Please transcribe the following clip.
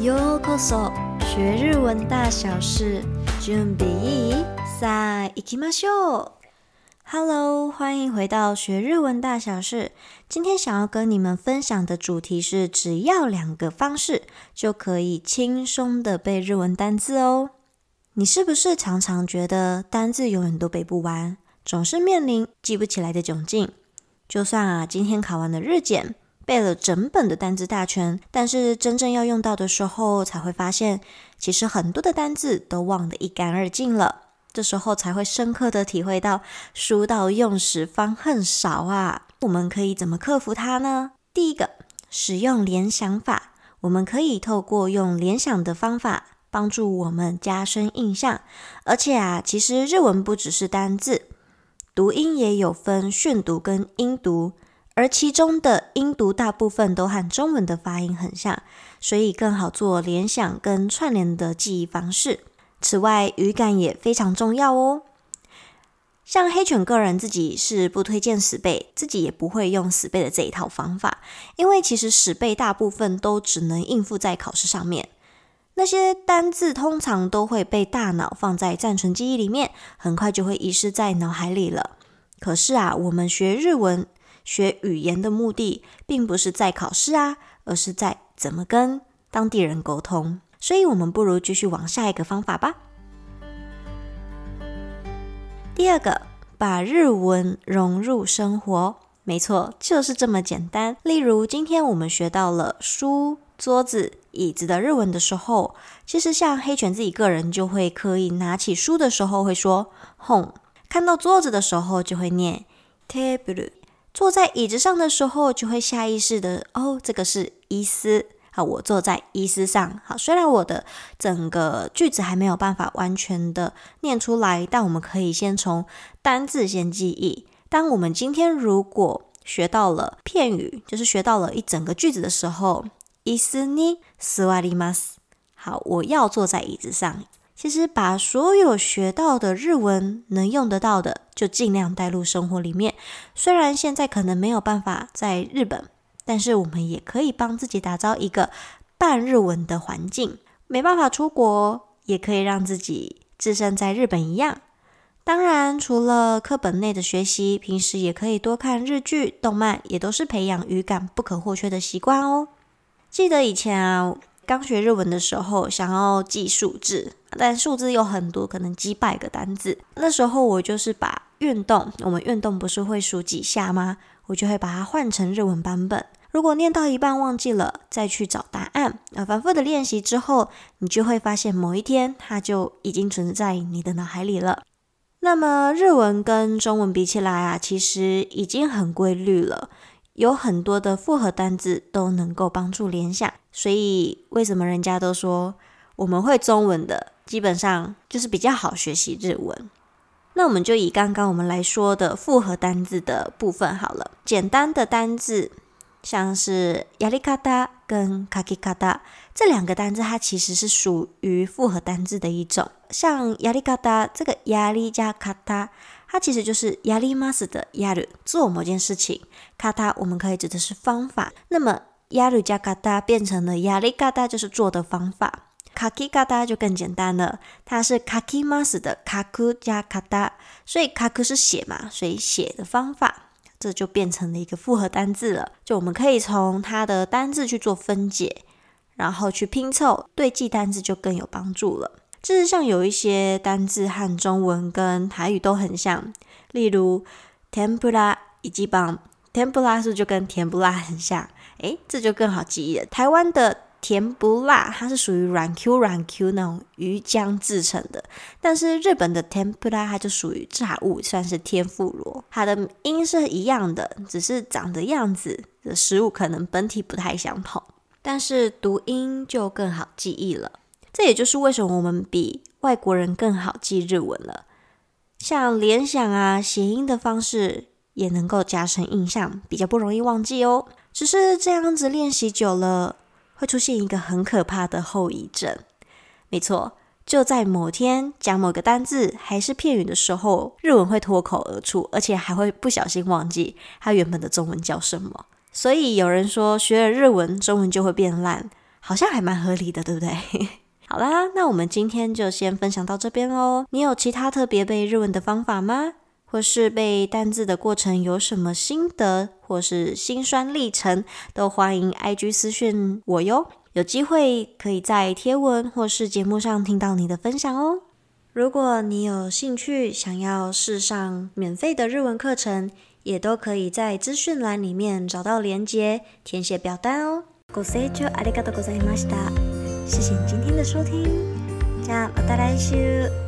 Yo koso，學日文大小事，準備一下，行きましょう！Hello，歡迎回到學日文大小事。今天想要跟你們分享的主題是，只要兩個方式，就可以輕鬆的背日文單字哦。你是不是常常覺得單字永遠都背不完，總是面臨記不起來的窘境？就算啊，今天考完了日檢。背了整本的單字大全，但是真正要用到的時候，才會發現其實很多的單字都忘得一乾二淨了。這時候才會深刻的體會到“書到用時方恨少”啊！我們可以怎麼克服它呢？第一個，使用聯想法，我們可以透過用聯想的方法，幫助我們加深印象。而且啊，其實日文不只是單字，讀音也有分訓讀跟音讀。而其中的音讀大部分都和中文的發音很像，所以更好做聯想跟串聯的記憶方式。此外，語感也非常重要哦！像黑犬個人自己是不推薦死背，自己也不會用死背的這一套方法，因為其實死背大部分都只能應付在考試上面。那些單字通常都會被大腦放在暫存記憶裡面，很快就會遺失在腦海裡了。可是啊，我們學日文，學語言的目的並不是在考試啊，而是在怎麼跟當地人溝通。所以，我們不如繼續往下一個方法吧。第二個，把日文融入生活。沒錯，就是這麼簡單。例如，今天我們學到了書、桌子、椅子的日文的時候，其實像黑犬自己個人就會刻意拿起書的時候會說 “home”，看到桌子的時候就會念 “table”。坐在椅子上的時候，就會下意識的哦，這個是椅子。好，我坐在椅子上。好，雖然我的整個句子還沒有辦法完全的念出來，但我們可以先從單字先記憶。當我們今天如果學到了片語，就是學到了一整個句子的時候，伊斯你斯瓦里馬斯。好，我要坐在椅子上。其實把所有學到的日文能用得到的，就盡量帶入生活裡面。雖然現在可能沒有辦法在日本，但是我們也可以幫自己打造一個半日文的環境。沒辦法出國，也可以讓自己置身在日本一樣。當然，除了課本內的學習，平時也可以多看日劇、動漫，也都是培養語感不可或缺的習慣哦。記得以前啊，剛學日文的時候，想要記數字。但數字有很多，可能幾百個單字，那時候我就是把運動，我們運動不是會數幾下嗎？我就會把它換成日文版本。如果念到一半忘記了，再去找答案。啊，反覆的練習之後，你就會發現某一天它就已經存在你的腦海裡了。那麼日文跟中文比起來啊，其實已經很規律了，有很多的複合單字都能夠幫助聯想。所以為什麼人家都說我們會中文的？基本上就是比較好學習日文。那我們就以剛剛我們來說的複合單字的部分好了。簡單的單字，像是やり方跟書き方這兩個單字，它其實是屬於複合單字的一種。像やり方這個やり加かた，它其實就是やります的やり，做某件事情，かた我們可以指的是方法。那麼やり加かた變成了やり方，就是做的方法。kaki kata 就更簡單了，它是 kaki mas 的 kaku 加 kata，所以 kaku 是寫嘛，所以寫的方法，這就變成了一個複合單字了，就我們可以從它的單字去做分解，然後去拼湊，對記單字就更有幫助了。這是像有一些單字和中文跟台語都很像，例如 tempura 以及棒 tempura 是不是就跟甜不辣很像？哎、欸，這就更好記憶了。台灣的甜不辣，它是屬於軟 Q 軟 Q 那種魚漿製成的。但是日本的甜不辣，它就屬於炸物，算是天婦羅。它的音是一樣的，只是長的樣子的食物可能本體不太相同，但是讀音就更好記憶了。這也就是為什麼我們比外國人更好記日文了。像聯想啊、諧音的方式也能夠加深印象，比較不容易忘記哦。只是這樣子練習久了，會出現一個很可怕的後遺症，沒錯，就在某天講某個單字還是片語的時候，日文會脫口而出，而且還會不小心忘記它原本的中文叫什麼。所以有人說學了日文，中文就會變爛，好像還蠻合理的，對不對？ 好啦，那我們今天就先分享到這邊哦。你有其他特別背日文的方法嗎？或是背單字的過程有什麼心得，或是心酸歷程，都歡迎 IG 私訊我喲。有機會可以在貼文或是節目上聽到你的分享哦。如果你有興趣想要試上免費的日文課程，也都可以在資訊欄裡面找到連接，填寫表單哦。謝謝你今天的收聽，じゃあまた來週。